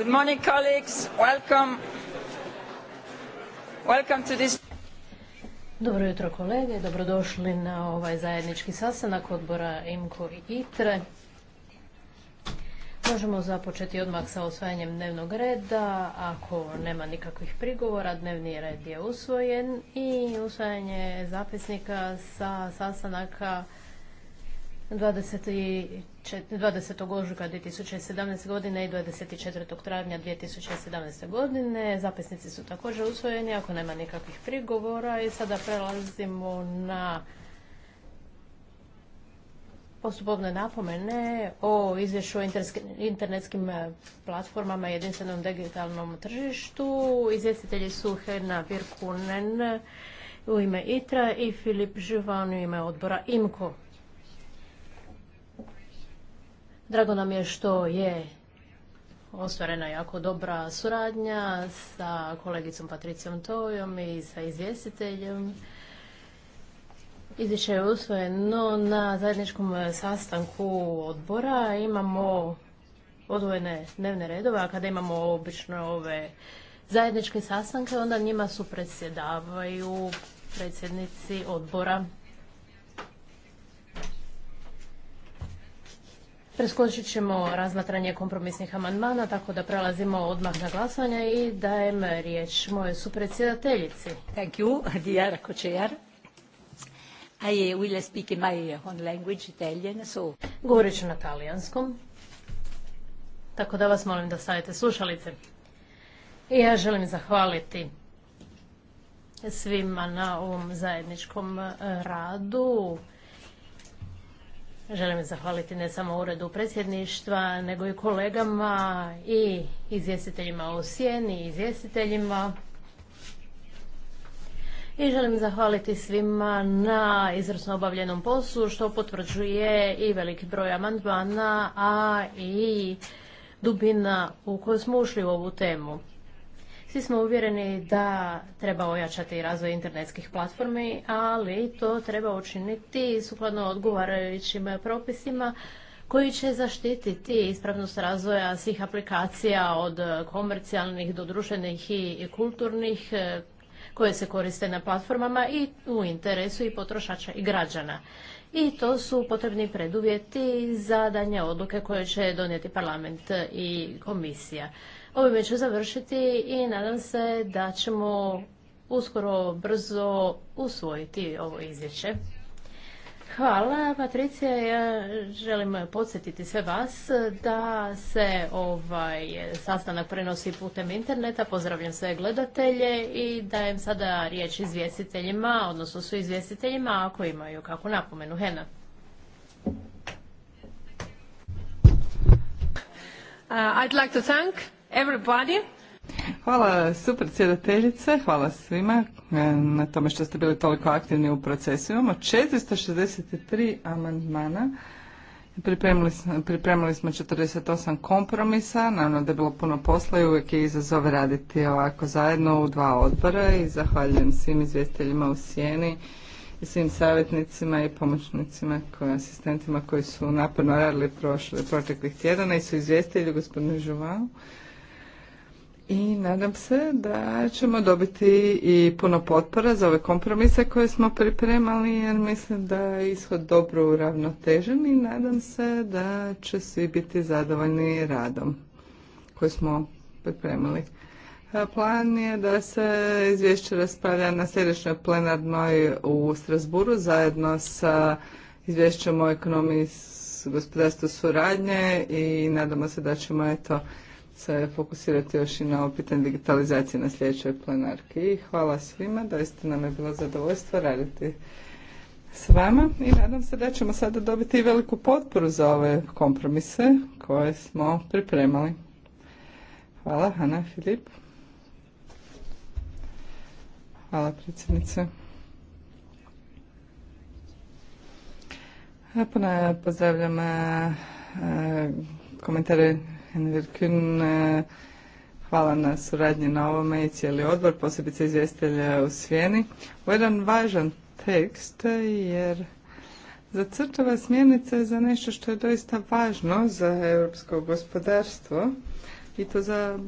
Good morning, colleagues. Welcome. Welcome to this... Dobro jutro kolege, dobrodošli na ovaj zajednički sastanak odbora IMCO i ITRE. Možemo započeti odmah sa osvajanjem dnevnog reda. Ako nema nikakvih prigovora, dnevni red je usvojen i usvajanje zapisnika sa sastanaka 20. 20. ožujka 2017. godine i 24. travnja 2017. godine. Zapisnici su također usvojeni ako nema nikakvih prigovora i sada prelazimo na postupovne napomene o izvješću o internetskim e, platformama i jedinstvenom digitalnom tržištu. Izvjestitelji su Herna Virkunen u ime ITRA i Filip Živan u ime odbora IMKO. Drago nam je što je ostvarena jako dobra suradnja sa kolegicom Patricijom Tojom i sa izvjestiteljem. Izvješće je usvojeno na zajedničkom sastanku odbora. Imamo odvojene dnevne redove, a kada imamo obično ove zajedničke sastanke, onda njima su predsjedavaju predsjednici odbora. Preskočit ćemo razmatranje kompromisnih amandmana, tako da prelazimo odmah na glasanje i dajem riječ moje supredsjedateljici. Thank you, dear co I uh, will speak in my own language, Italian, so... Govorit ću na talijanskom, tako da vas molim da stavite slušalice. I ja želim zahvaliti svima na ovom zajedničkom uh, radu Želim zahvaliti ne samo uredu predsjedništva, nego i kolegama i izvjestiteljima u sjeni, izvjestiteljima. I želim zahvaliti svima na izvrsno obavljenom poslu, što potvrđuje i veliki broj amandmana, a i dubina u kojoj smo ušli u ovu temu. Svi smo uvjereni da treba ojačati razvoj internetskih platformi, ali to treba učiniti sukladno odgovarajućim propisima koji će zaštititi ispravnost razvoja svih aplikacija od komercijalnih do društvenih i kulturnih e, koje se koriste na platformama i u interesu i potrošača i građana. I to su potrebni preduvjeti za danje odluke koje će donijeti parlament i komisija. Ovime ću završiti i nadam se da ćemo uskoro brzo usvojiti ovo izvješće. Hvala, Patricija. Ja želim podsjetiti sve vas da se ovaj sastanak prenosi putem interneta. Pozdravljam sve gledatelje i dajem sada riječ izvjestiteljima, odnosno su izvjestiteljima ako imaju kakvu napomenu. Hena. Uh, everybody. Hvala supredsjedateljice, hvala svima e, na tome što ste bili toliko aktivni u procesu. Imamo 463 amandmana. Pripremili smo, pripremili smo 48 kompromisa, naravno da je bilo puno posla i uvijek je izazov raditi ovako zajedno u dva odbora i zahvaljujem svim izvjestiteljima u Sjeni i svim savjetnicima i pomoćnicima, koji, asistentima koji su naporno radili prošle, proteklih tjedana i su izvjestitelji gospodinu Žuvalu i nadam se da ćemo dobiti i puno potpora za ove kompromise koje smo pripremali jer mislim da je ishod dobro uravnotežen i nadam se da će svi biti zadovoljni radom koji smo pripremili. Plan je da se izvješće raspravlja na sljedećoj plenarnoj u Strasburu zajedno sa izvješćem o ekonomiji gospodarstvu suradnje i nadamo se da ćemo eto se fokusirati još i na ovo pitanje digitalizacije na sljedećoj plenarki. I hvala svima, doista nam je bilo zadovoljstvo raditi s vama i nadam se da ćemo sada dobiti veliku potporu za ove kompromise koje smo pripremali. Hvala, Hanna Filip. Hvala, predsjednice. Pozdravljam e, e, komentare Virkun, eh, Hvala na suradnji na ovome i cijeli odbor, posebice izvjestitelja u Svijeni. U jedan važan tekst jer zacrtava smjernice za nešto što je doista važno za europsko gospodarstvo i to za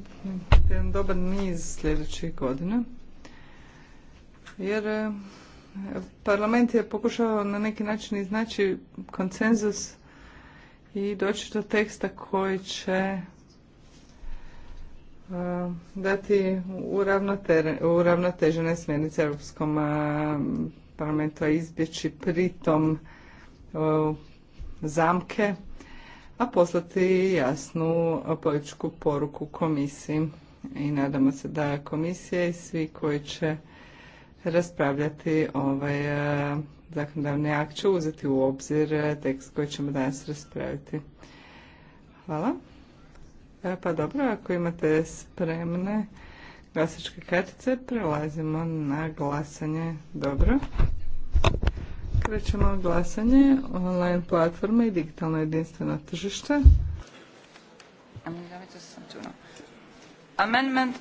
jedan dobar niz sljedećih godina. Jer eh, parlament je pokušao na neki način iznaći konsenzus i doći do teksta koji će eh, dati uravnotežene smjernice Europskom eh, parlamentu, a izbjeći pritom eh, zamke, a poslati jasnu političku poruku komisiji. I nadamo se da komisija i svi koji će raspravljati ovaj e, zakonodavni akt će uzeti u obzir e, tekst koji ćemo danas raspraviti. Hvala. E, pa dobro, ako imate spremne glasačke kartice, prelazimo na glasanje. Dobro. Krećemo glasanje online platforme i digitalno jedinstveno tržište. Amandman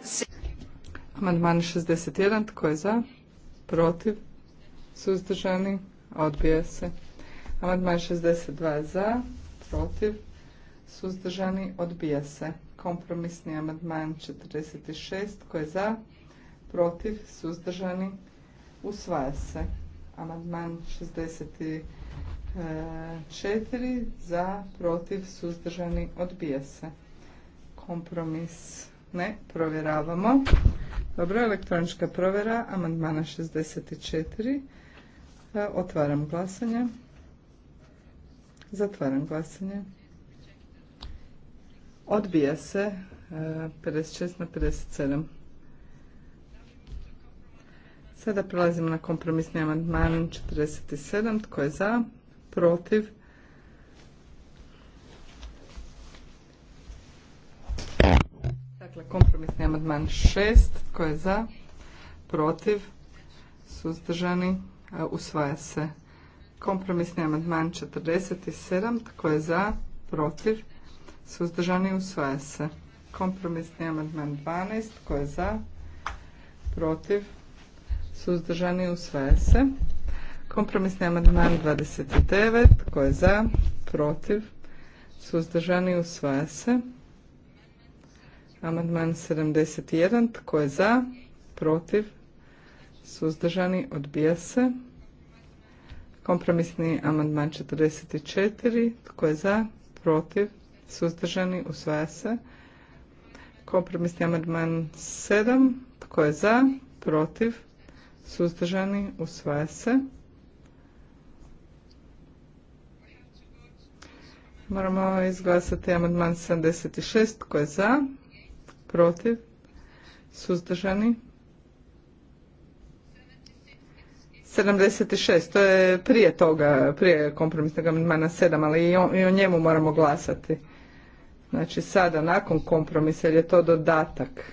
61. Tko je za? protiv, suzdržani, odbija se. Amandman 62 za, protiv, suzdržani, odbija se. Kompromisni amandman 46 koji je za, protiv, suzdržani, usvaja se. Amandman 64 za, protiv, suzdržani, odbija se. Kompromis ne, provjeravamo. Dobro, elektronička provjera, amandmana 64. E, otvaram glasanje. Zatvaram glasanje. Odbija se 56 e, na 57. Sada prelazimo na kompromisni amandman 47. Tko je za? Protiv? Dakle, kompromisni amandman 6. E, Tko je za? Protiv? Suzdržani? Usvaja se. Kompromisni amandman 47. Tko je za? Protiv? Suzdržani? Usvaja se. Kompromisni amandman 12. Tko je za? Protiv? Suzdržani? Usvaja se. Kompromisni amandman 29. Tko je za? Protiv? Suzdržani? Usvaja se. Amandman 71. Tko je za? Protiv? Suzdržani? Odbija se. Kompromisni amandman 44. Tko je za? Protiv? Suzdržani? Usvaja se. Kompromisni amandman 7. Tko je za? Protiv? Suzdržani? Usvaja se. Moramo izglasati amandman 76. Tko je za? protiv, suzdržani. 76, to je prije toga, prije kompromisnog amandmana 7, ali i o, njemu moramo glasati. Znači sada, nakon kompromisa, jer je to dodatak.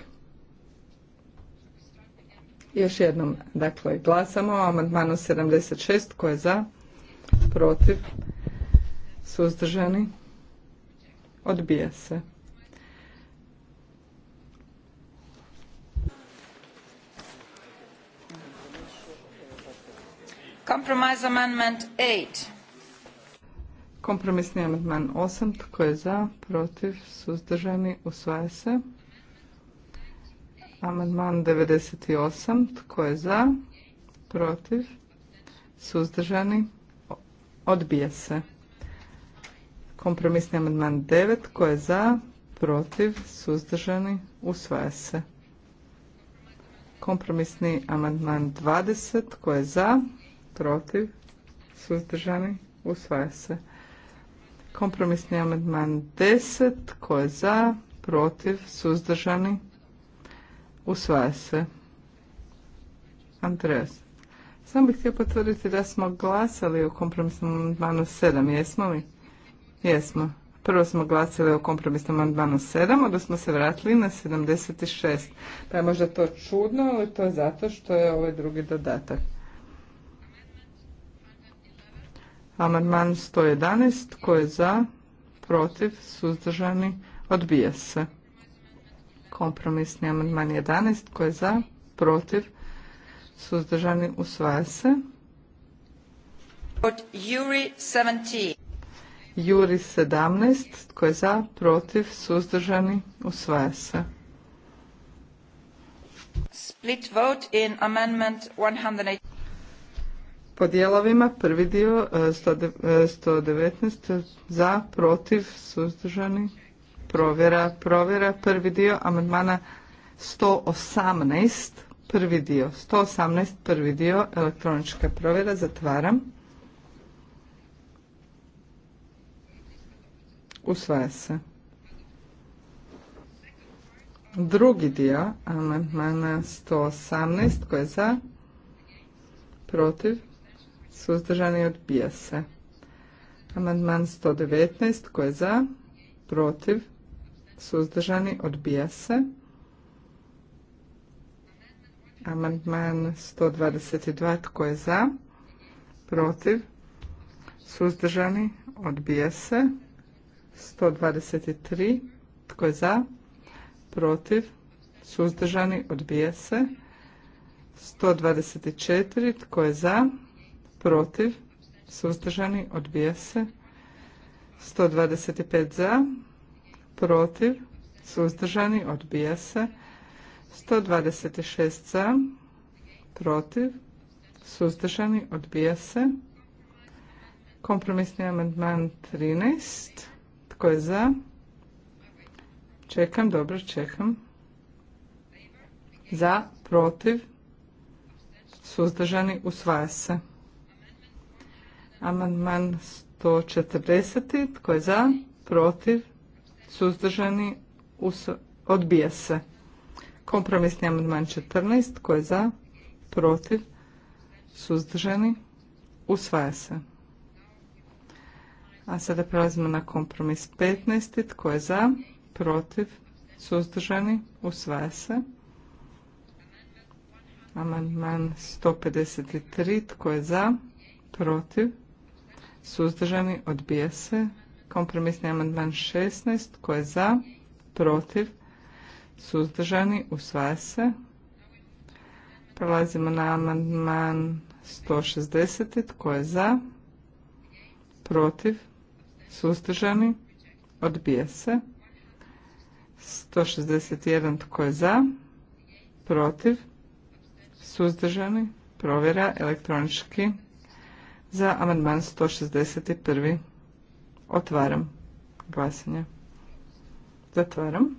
Još jednom, dakle, glasamo o amandmanu 76, ko je za, protiv, suzdržani, odbija se. Compromise amendment 8. Kompromisni amandman 8. Tko je za, protiv, suzdržani, usvaja se. Amandman 98. Tko je za, protiv, suzdržani, odbija se. Kompromisni amandman 9. Tko je za, protiv, suzdržani, usvaja se. Kompromisni amandman 20. Tko je za, protiv, suzdržani, usvaja se. Kompromisni amandman 10, tko je za, protiv, suzdržani, usvaja se. Andreas. Samo bih htio potvrditi da smo glasali o kompromisnom amandmanu 7, jesmo li? Jesmo. Prvo smo glasili o kompromisnom amandmanu 7, onda smo se vratili na 76. Pa je možda to čudno, ali to je zato što je ovaj drugi dodatak. Amandman 111. Tko je za? Protiv? Suzdržani? Odbija se. Kompromisni amandman 11. Tko je za? Protiv? Suzdržani? Usvaja se. Juri 17. Juri 17. Tko je za? Protiv? Suzdržani? Usvaja se. Split vote in amendment 180. Po dijelovima prvi dio 119 e, e, za, protiv, suzdržani, provjera, provjera. Prvi dio amandmana 118, prvi dio, 118, prvi dio, elektronička provjera, zatvaram. Usvaja se. Drugi dio amandmana 118, koji je za, protiv, suzdržani odbija se. Amandman 119 tko je za, protiv, suzdržani odbija se. Amandman 122 tko je za, protiv, suzdržani odbija se. 123 tko je za, protiv, suzdržani odbija se. 124 tko je za, protiv, suzdržani, odbija se. 125 za, protiv, suzdržani, odbija se. 126 za, protiv, suzdržani, odbija se. Kompromisni amandman 13. Tko je za? Čekam, dobro, čekam. Za, protiv, suzdržani, usvaja se. Amandman 140. Tko je za? Protiv? Suzdržani? Odbija se. Kompromisni amandman 14. Tko je za? Protiv? Suzdržani? Usvaja se. A sada prelazimo na kompromis 15. Tko je za? Protiv? Suzdržani? Usvaja se. Amandman 153. Tko je za? Protiv? suzdržani, odbija se. Kompromisni amandman 16, tko je za, protiv, suzdržani, usvaja se. Prelazimo na amandman 160, tko je za, protiv, suzdržani, odbija se. 161, tko je za, protiv, suzdržani, provjera elektronički za amandman 161. Otvaram glasanje. Zatvaram.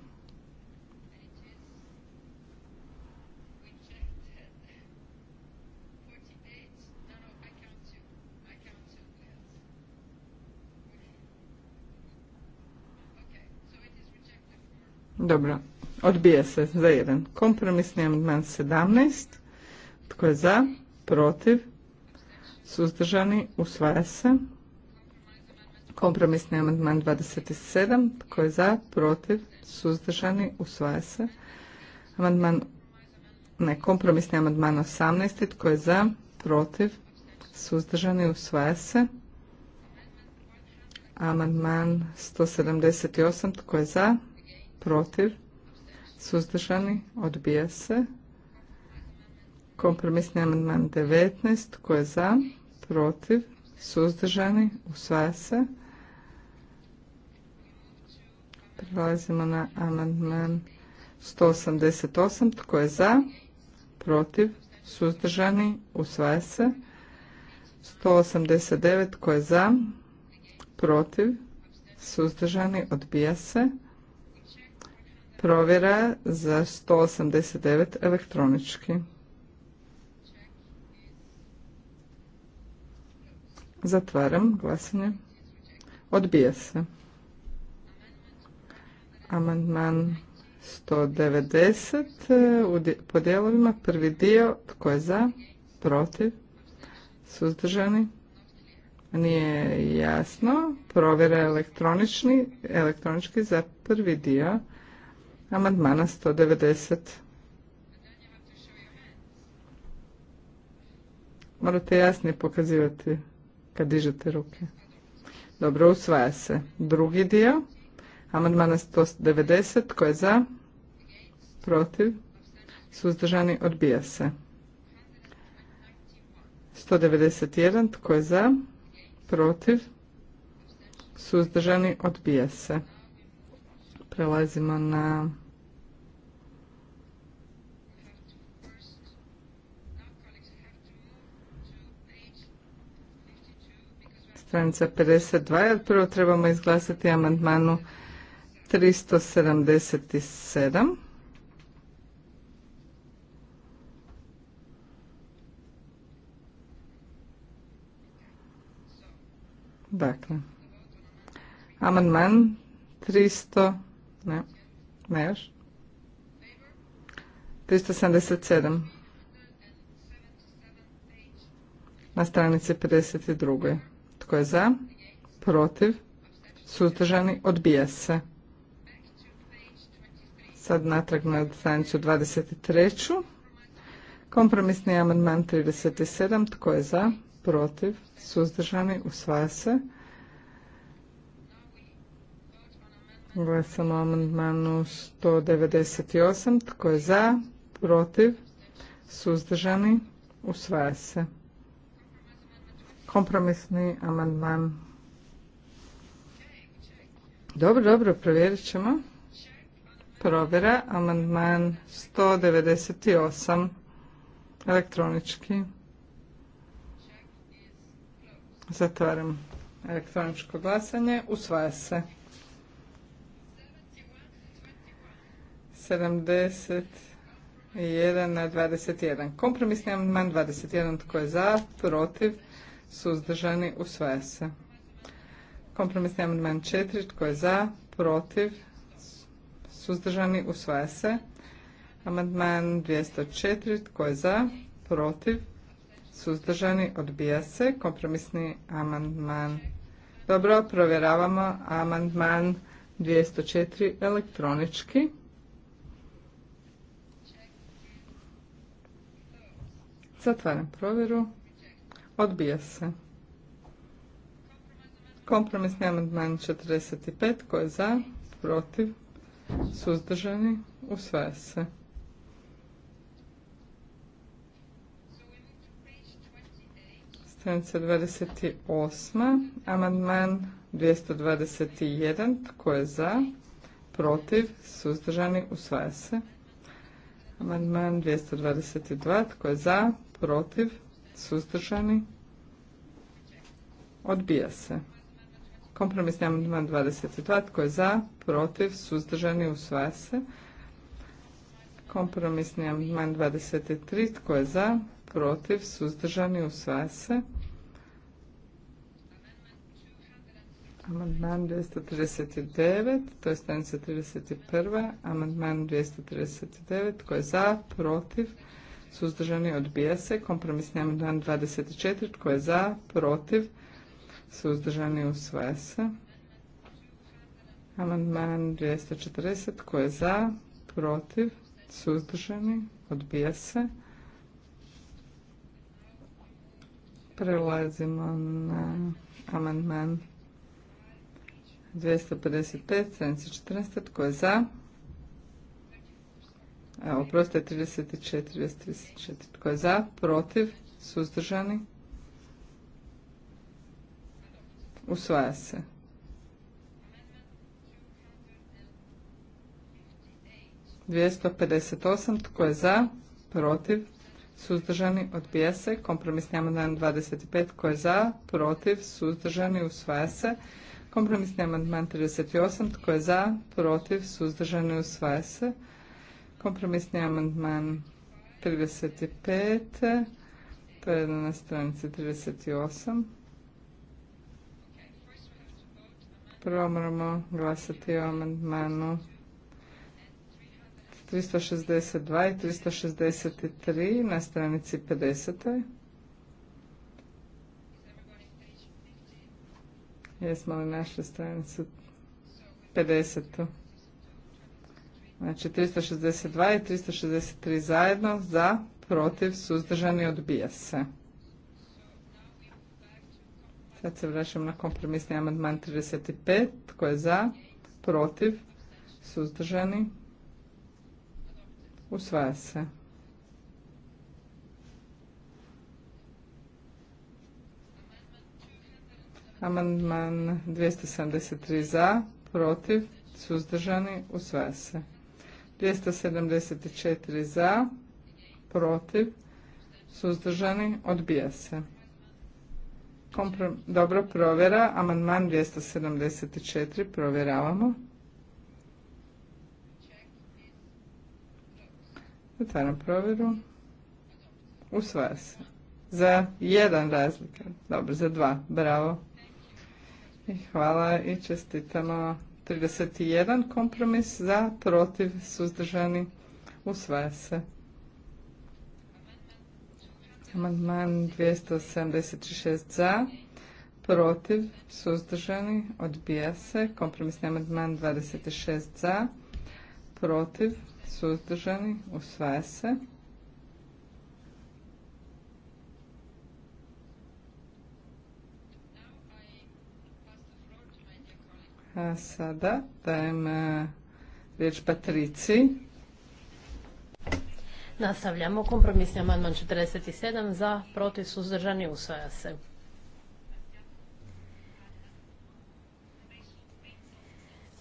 Dobro, odbija se za jedan. Kompromisni amandman 17. Tko je za? Protiv? suzdržani, usvaja se. Kompromisni amandman 27, tko je za, protiv, suzdržani, usvaja se. Amandman, ne, kompromisni amandman 18, tko je za, protiv, suzdržani, usvaja se. Amandman 178, tko je za, protiv, suzdržani, odbija se. Kompromisni amandman 19, tko je za, protiv, suzdržani, usvaja se. Prelazimo na amandman 188. Tko je za? Protiv? Suzdržani? Usvaja se. 189. Tko je za? Protiv? Suzdržani? Odbija se. Provjera za 189 elektronički. Zatvaram glasanje. Odbija se. Amandman 190 eh, po dijelovima. Prvi dio, tko je za, protiv, suzdržani. Nije jasno. Provjera elektronični, elektronički za prvi dio amandmana 190. Morate jasnije pokazivati kad dižete ruke. Dobro, usvaja se. Drugi dio, amandmana 190, tko je za? Protiv? Suzdržani odbija se. 191, tko je za? Protiv? Suzdržani odbija se. Prelazimo na stranica 52, jer prvo trebamo izglasati amandmanu 377. Dakle, amandman 300, ne, ne još, 377 na stranici 52. Tko je za? Protiv? Suzdržani? Odbija se. Sad natrag na stranicu 23. Kompromisni amandman 37. Tko je za? Protiv? Suzdržani? Usvaja se. Glasamo o amandmanu 198. Tko je za? Protiv? Suzdržani? Usvaja se. Kompromisni amandman. Dobro, dobro, provjerit ćemo. Provjera, amandman 198, elektronički. Zatvaram elektroničko glasanje. Usvaja se. 71 na 21. Kompromisni amandman 21. Tko je za? Protiv? suzdržani, usvaja se. Kompromisni amandman četiri, tko je za, protiv, suzdržani, usvaja se. Amandman 204, tko je za, protiv, suzdržani, odbija se. Kompromisni amandman. Dobro, provjeravamo amandman 204 elektronički. Zatvaram provjeru. Odbija se. Kompromisni amandman 45. Ko je za? Protiv? Suzdržani? Usvaja se. Stranica 28. Amandman 221. Tko je za? Protiv? Suzdržani? Usvaja se. Amandman 222. Tko je za? Protiv? suzdržani, odbija se. Kompromisni amandman 22, tko je za, protiv, suzdržani, usvaja se. Kompromisni amandman 23, tko je za, protiv, suzdržani, usvaja se. Amandman 239, to je stanica 31. Amandman 239, tko je za, protiv, suzdržani suzdržani, odbija se. Kompromisni amandman 24, tko je za, protiv, suzdržani, usvaja se. Amandman 240, tko je za, protiv, suzdržani, odbija se. Prelazimo na amandman 255, stranica 14, tko je za, Evo, oprostite, 34, 34. Tko je za? Protiv? Suzdržani? Usvaja se. Dvijesto pedeset osam. Tko je za? Protiv? Suzdržani? Odbija se. Kompromisni amandman 25. Tko je za? Protiv? Suzdržani? Usvaja se. Kompromisni amandman 38. Tko je za? Protiv? Suzdržani? Usvaja se. Kompromisni amandman 35, to je na stranici 38. Prvo moramo glasati o amandmanu 362 i 363 na stranici 50. Jesmo li našli stranicu 50. Znači 362 i 363 zajedno za, protiv, suzdržani, odbija se. Sad se vraćam na kompromisni amandman 35. Tko je za? Protiv? Suzdržani? Usvaja se. Amandman 273 za, protiv, suzdržani, usvaja se. 274 za, protiv, suzdržani, odbija se. Dobro, provjera. Amandman 274 provjeravamo. Otvaram provjeru. Usvaja se. Za jedan razlika. Dobro, za dva. Bravo. I hvala i čestitamo 31 kompromis za, protiv, suzdržani, usvaja se. Amandman 276 za, protiv, suzdržani, odbija se. Kompromisni amandman 26 za, protiv, suzdržani, usvaja se. A sada dajem e, riječ Patrici. Nastavljamo. Kompromisni amandman 47 za, protiv, suzdržani, usvaja se.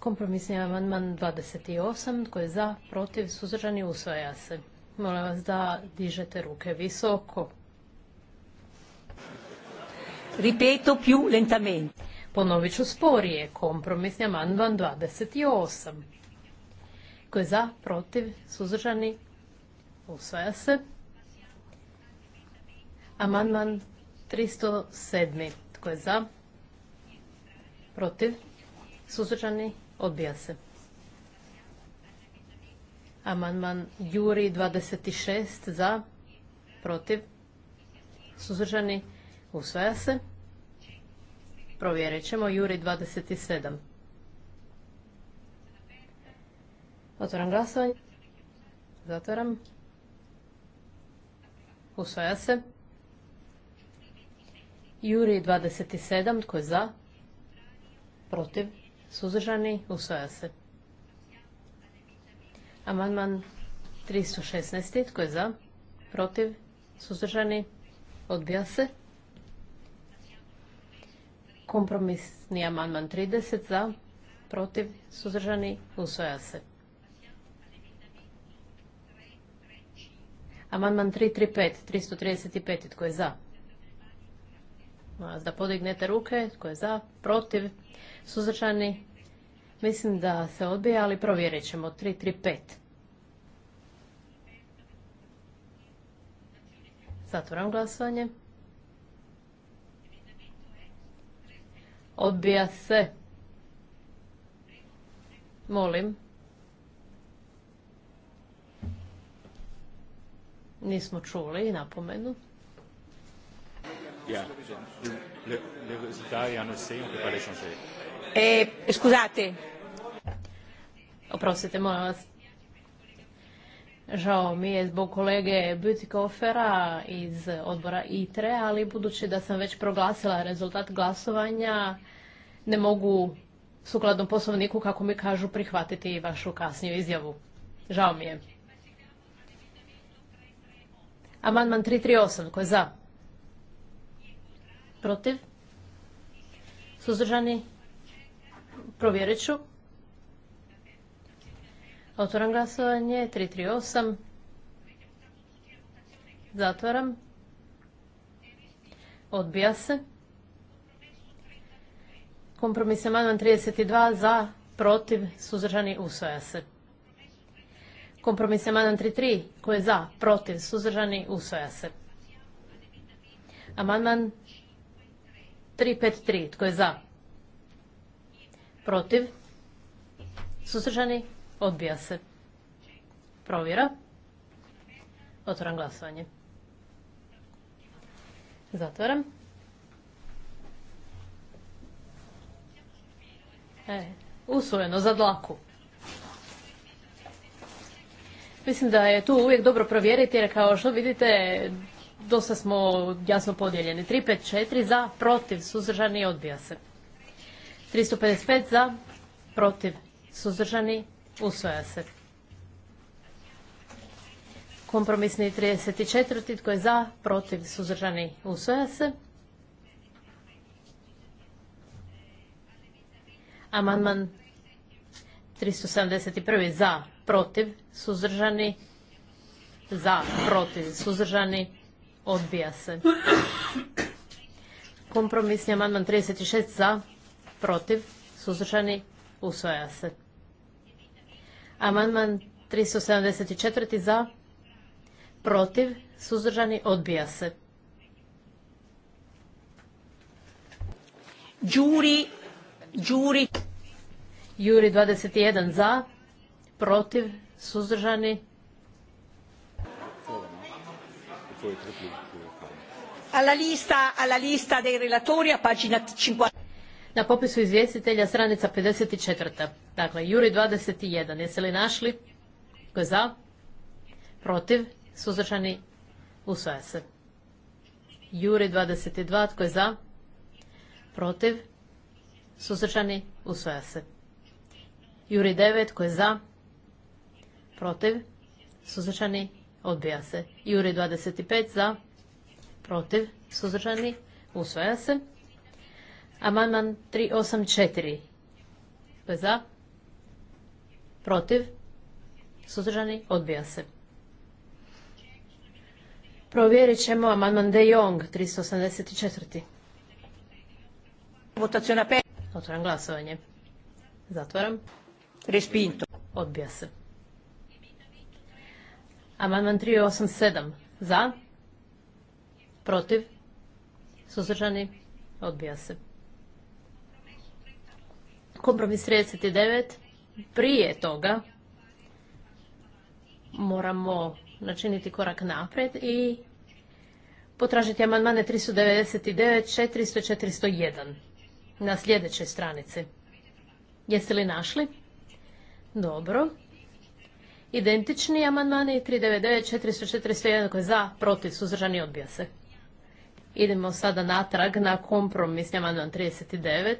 Kompromisni amandman 28, tko je za, protiv, suzdržani, usvaja se. Molim vas da dižete ruke visoko. Ripeto più lentamente. Ponovit ću sporije, kompromisni amandman 28. Koji je za, protiv, suzdržani, usvaja se. Amandman 307. koji je za? Protiv? Suzdržani? Odbija se. Amandman Juri 26. Za? Protiv? Suzdržani? Usvaja se. Provjerit ćemo. Juri 27. Otvoram glasovanje. Zatvoram. Usvaja se. Juri 27. Tko je za? Protiv? Suzdržani? Usvaja se. Amandman 316. Tko je za? Protiv? Suzdržani? Odbija se. Kompromisni amandman 30 za, protiv, suzdržani, usvoja se. Amandman 335, 335, tko je za? Da podignete ruke, tko je za, protiv, suzdržani. Mislim da se odbija, ali provjerit ćemo. 335. Zatvoram glasovanje. Odbija se. Molim. Nismo čuli napomenu. Ja, le, eh, Oprostite, molim vas. Žao mi je zbog kolege Butikofera iz odbora ITRE, ali budući da sam već proglasila rezultat glasovanja, ne mogu sukladno poslovniku, kako mi kažu, prihvatiti vašu kasniju izjavu. Žao mi je. Amandman 338, ko je za? Protiv? Suzdržani? Provjerit ću. Otvoram glasovanje, 338. Zatvaram. Odbija se. Kompromis amandman 32 za, protiv, suzdržani, usvoja se. Kompromis amandman 33 koji je za, protiv, suzdržani, usvoja se. Amandman 353 tko je za, protiv, suzdržani, Odbija se. Provjera. Otvoram glasovanje. Zatvaram. E, usvojeno za dlaku. Mislim da je tu uvijek dobro provjeriti jer kao što vidite dosta smo jasno podijeljeni. 354 za, protiv, suzdržani, odbija se. 355 za, protiv, suzdržani, Usvaja se. Kompromisni 34. Tko je za? Protiv? Suzdržani? Usvaja se. Amandman 371. Za? Protiv? Suzdržani? Za? Protiv? Suzdržani? Odbija se. Kompromisni amandman 36. Za? Protiv? Suzdržani? Usvaja se. Amandman 374. za, protiv, suzdržani, odbija se. Đuri, Đuri. Juri 21 za, protiv, suzdržani. Alla lista, alla lista dei relatori a pagina 50. Na popisu izvjestitelja stranica 54. Dakle, Juri 21. Jeste li našli? Tko je za? Protiv? Suzdržani? Usvaja se. Juri 22. Tko je za? Protiv? Suzdržani? Usvaja se. Juri 9. Tko je za? Protiv? Suzdržani? Odbija se. Juri 25. Za? Protiv? Suzdržani? Usvaja se. Amandman 384. Tko je za? Protiv? Suzdržani? Odbija se. Provjerit ćemo amandman De Jong, 384. Votaciona 5. Otvoram glasovanje. Zatvoram. Respinto. Odbija se. Amandman 387. Za? Protiv? Suzdržani? Odbija se. Kompromis 39 prije toga moramo načiniti korak napred i potražiti amandmane 399, 400, 401 na sljedećoj stranici. Jeste li našli? Dobro. Identični amandmani 399, 400, 401 koji je za, protiv, suzdržani, odbija se. Idemo sada natrag na kompromisni amandman 39.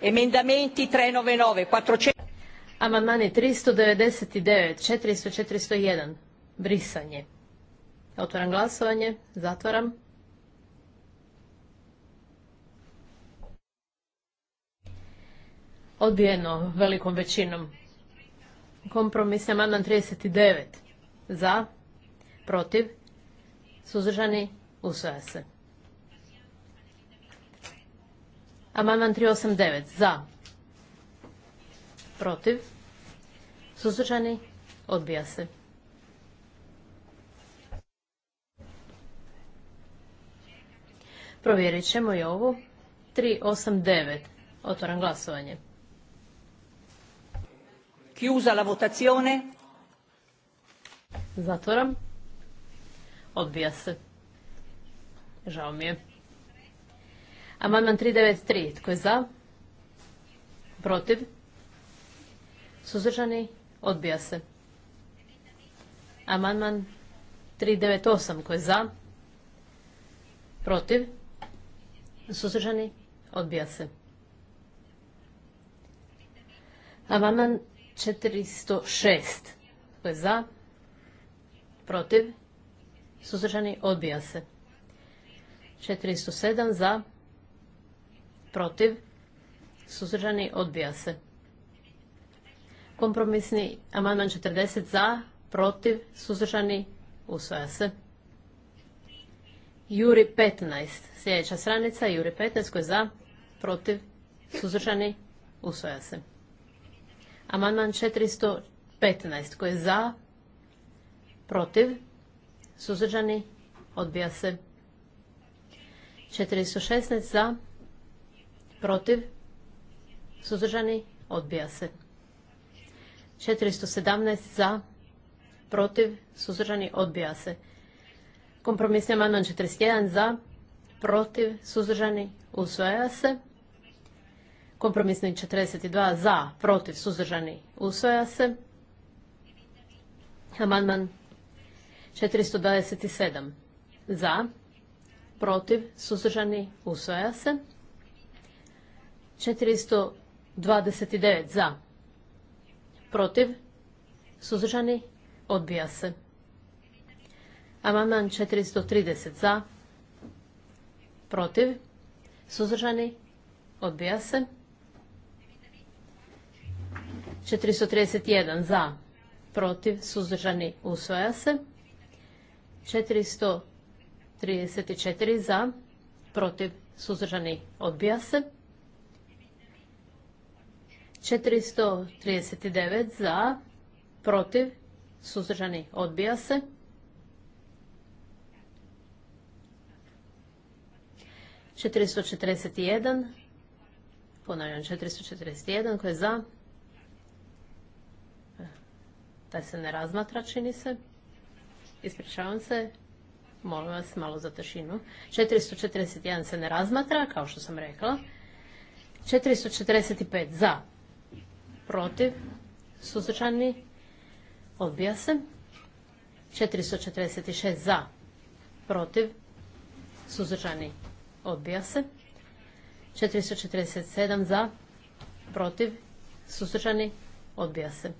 Emendamenti 399, 400... Amandmani 399, 400, 401. Brisanje. Otvoram glasovanje. Zatvaram. Odbijeno velikom većinom. Kompromis je amandman 39. Za, protiv, suzržani, usvaja se. Amandman 389 za. Protiv. Suzdržani. Odbija se. Provjerit ćemo i ovu. 389. Otvoram glasovanje. Chiusa la votazione. Zatvoram. Odbija se. Žao mi je. Amandman 393. Tko je za? Protiv? Suzdržani? Odbija se. Amandman 398. Tko je za? Protiv? Suzdržani? Odbija se. Amandman 406. Tko je za? Protiv? Suzdržani? Odbija se. 407. Za? protiv, suzdržani, odbija se. Kompromisni amandman 40 za, protiv, suzdržani, usvaja se. Juri 15, sljedeća stranica, Juri 15 koji je za, protiv, suzdržani, usvaja se. Amandman 415 koji je za, protiv, suzdržani, odbija se. 416 za, protiv, suzdržani, odbija se. 417 za, protiv, suzdržani, odbija se. Kompromisni amandman 41 za, protiv, suzdržani, usvaja se. Kompromisni 42 za, protiv, suzdržani, usvaja se. Amandman 427 za, protiv, suzdržani, usvaja se. 429 za. Protiv. Suzdržani. Odbija se. Amandman 430 za. Protiv. Suzdržani. Odbija se. 431 za. Protiv. Suzdržani. usvoja se. 434 za. Protiv. Suzdržani. Odbija se. 439 za, protiv, suzdržani, odbija se. 441, ponavljam 441 koje je za, taj se ne razmatra čini se, ispričavam se, molim vas malo za tišinu, 441 se ne razmatra kao što sam rekla, 445 za, protiv, suzdržani, odbija se. 446 za, protiv, suzdržani, odbija se. 447 za, protiv, suzdržani, odbija se.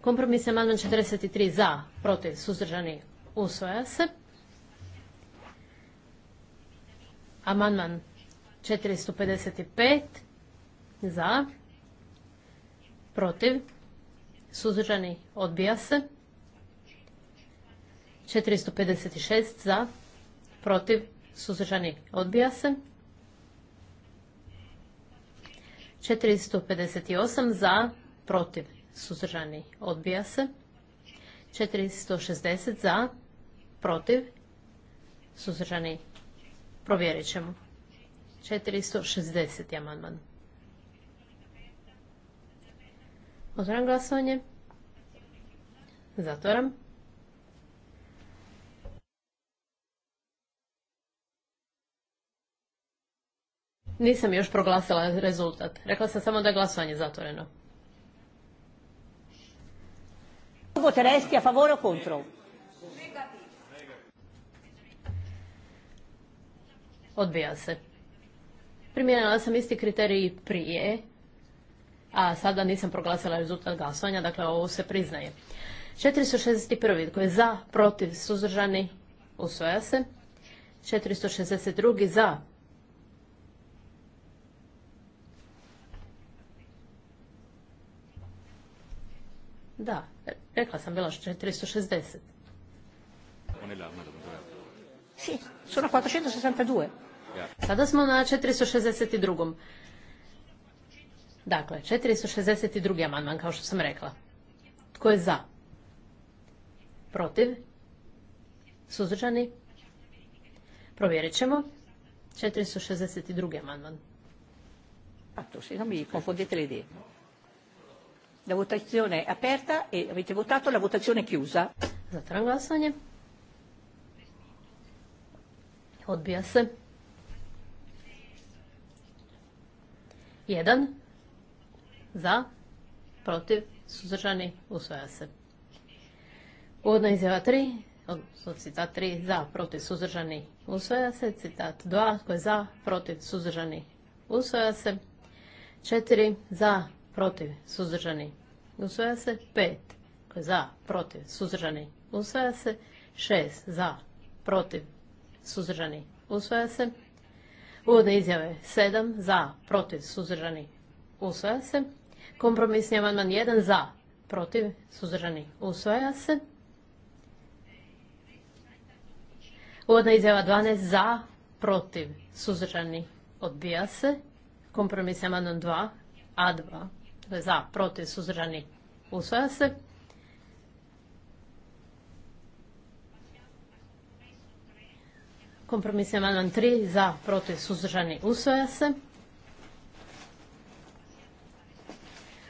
Kompromis amandman 43 za, protiv, suzdržani, usvoja se. Amandman 455 za, protiv, suzdržani odbija se, 456 za, protiv, suzdržani odbija se, 458 za, protiv, suzdržani odbija se, 460 za, protiv, suzdržani provjerit ćemo. 460. amandman. Otvaram glasovanje. Zatvaram. Nisam još proglasila rezultat. Rekla sam samo da je glasovanje zatvoreno. a favore Odbija se. Primijenila sam isti kriterij prije a sada nisam proglasila rezultat glasovanja, dakle ovo se priznaje. 461. koji je za, protiv, suzdržani, usvoja se. 462. za, Da, rekla sam bila 460. Sì, sono 462. Sada smo na 462. Dakle, 462. amandman, kao što sam rekla. Tko je za? Protiv? Suzdržani? Provjerit ćemo. 462. amandman. Pa non mi confondete le idee. La votazione è aperta e avete votato, la votazione chiusa. Zatvaram glasanje. Odbija se. Jedan. Za, protiv, suzdržani, usvaja se. Uvodna izjava 3, odnosno citat 3, za, protiv, suzdržani, usvaja se. Citat 2, tko je za, protiv, suzdržani, usvaja se. 4, za, protiv, suzdržani, usvaja se. 5, tko je za, protiv, suzdržani, usvaja se. 6, za, protiv, suzdržani, usvaja se. Uvodne izjave 7, za, protiv, suzdržani, usvaja se. Kompromisni amandman 1 za, protiv, suzdržani, usvaja se. Uvodna izjava 12 za, protiv, suzdržani, odbija se. Kompromisni amandman 2, A2, za, protiv, suzdržani, usvaja se. Kompromisni amandman 3 za, protiv, suzdržani, usvaja se.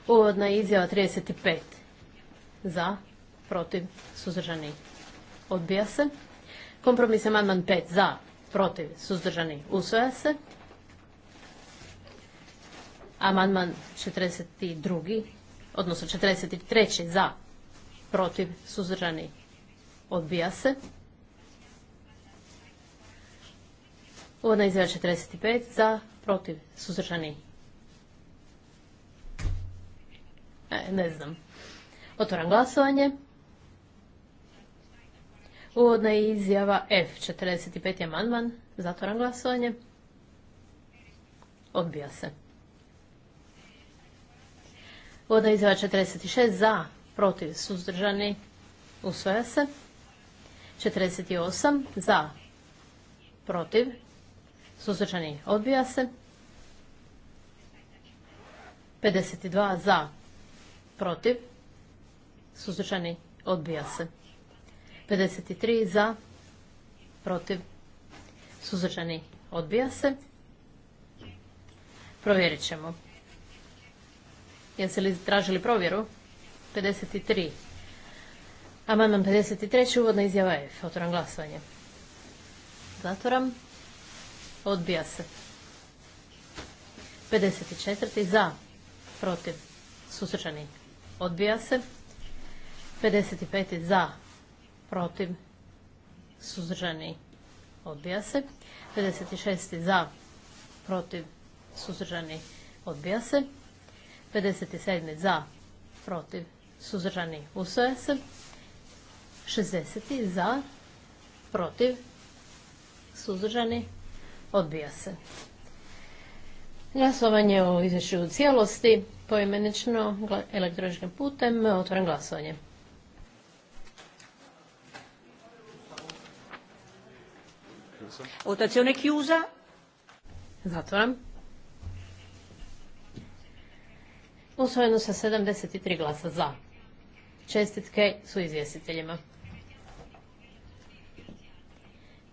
Uvodna izjava 35. Za, protiv, suzdržani, odbija se. Kompromis amandman 5. Za, protiv, suzdržani, usvaja se. Amandman 42. odnosno 43. Za, protiv, suzdržani, odbija se. Uvodna izjava 45. Za, protiv, suzdržani, ne znam. Otvoram glasovanje. Uvodna je izjava F, 45. amandman. Zatvoram glasovanje. Odbija se. Uvodna izjava 46. Za, protiv, suzdržani. Usvaja se. 48. Za, protiv, suzdržani. Odbija se. 52. Za, protiv, suzdržani, odbija se. 53 za, protiv, suzdržani, odbija se. Provjerit ćemo. Jeste li tražili provjeru? 53. Amandman 53. Uvodna izjava je. Otvoram glasovanje. Zatvoram. Odbija se. 54. Za. Protiv. Susrčani. Odbija se. 55. za. Protiv. Suzdržani. Odbija se. 56. za. Protiv. Suzdržani. Odbija se. 57. za. Protiv. Suzdržani. usvoja se. 60. za. Protiv. Suzdržani. Odbija se. Glasovanje o izvješću u cijelosti poimenično elektroničkim putem. Otvaram glasovanje. Votazione chiusa. Zatvaram. Usvojeno sa 73 glasa za. Čestitke su izvjestiteljima.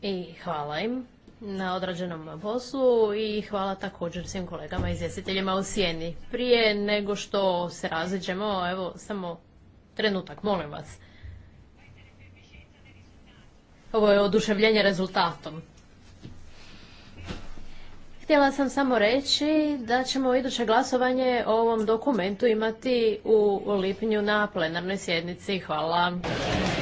I hvala im na odrađenom poslu i hvala također svim kolegama i izvjestiteljima u Sjeni. Prije nego što se raziđemo, evo samo trenutak, molim vas. Ovo je oduševljenje rezultatom. Htjela sam samo reći da ćemo iduće glasovanje o ovom dokumentu imati u lipnju na plenarnoj sjednici. Hvala.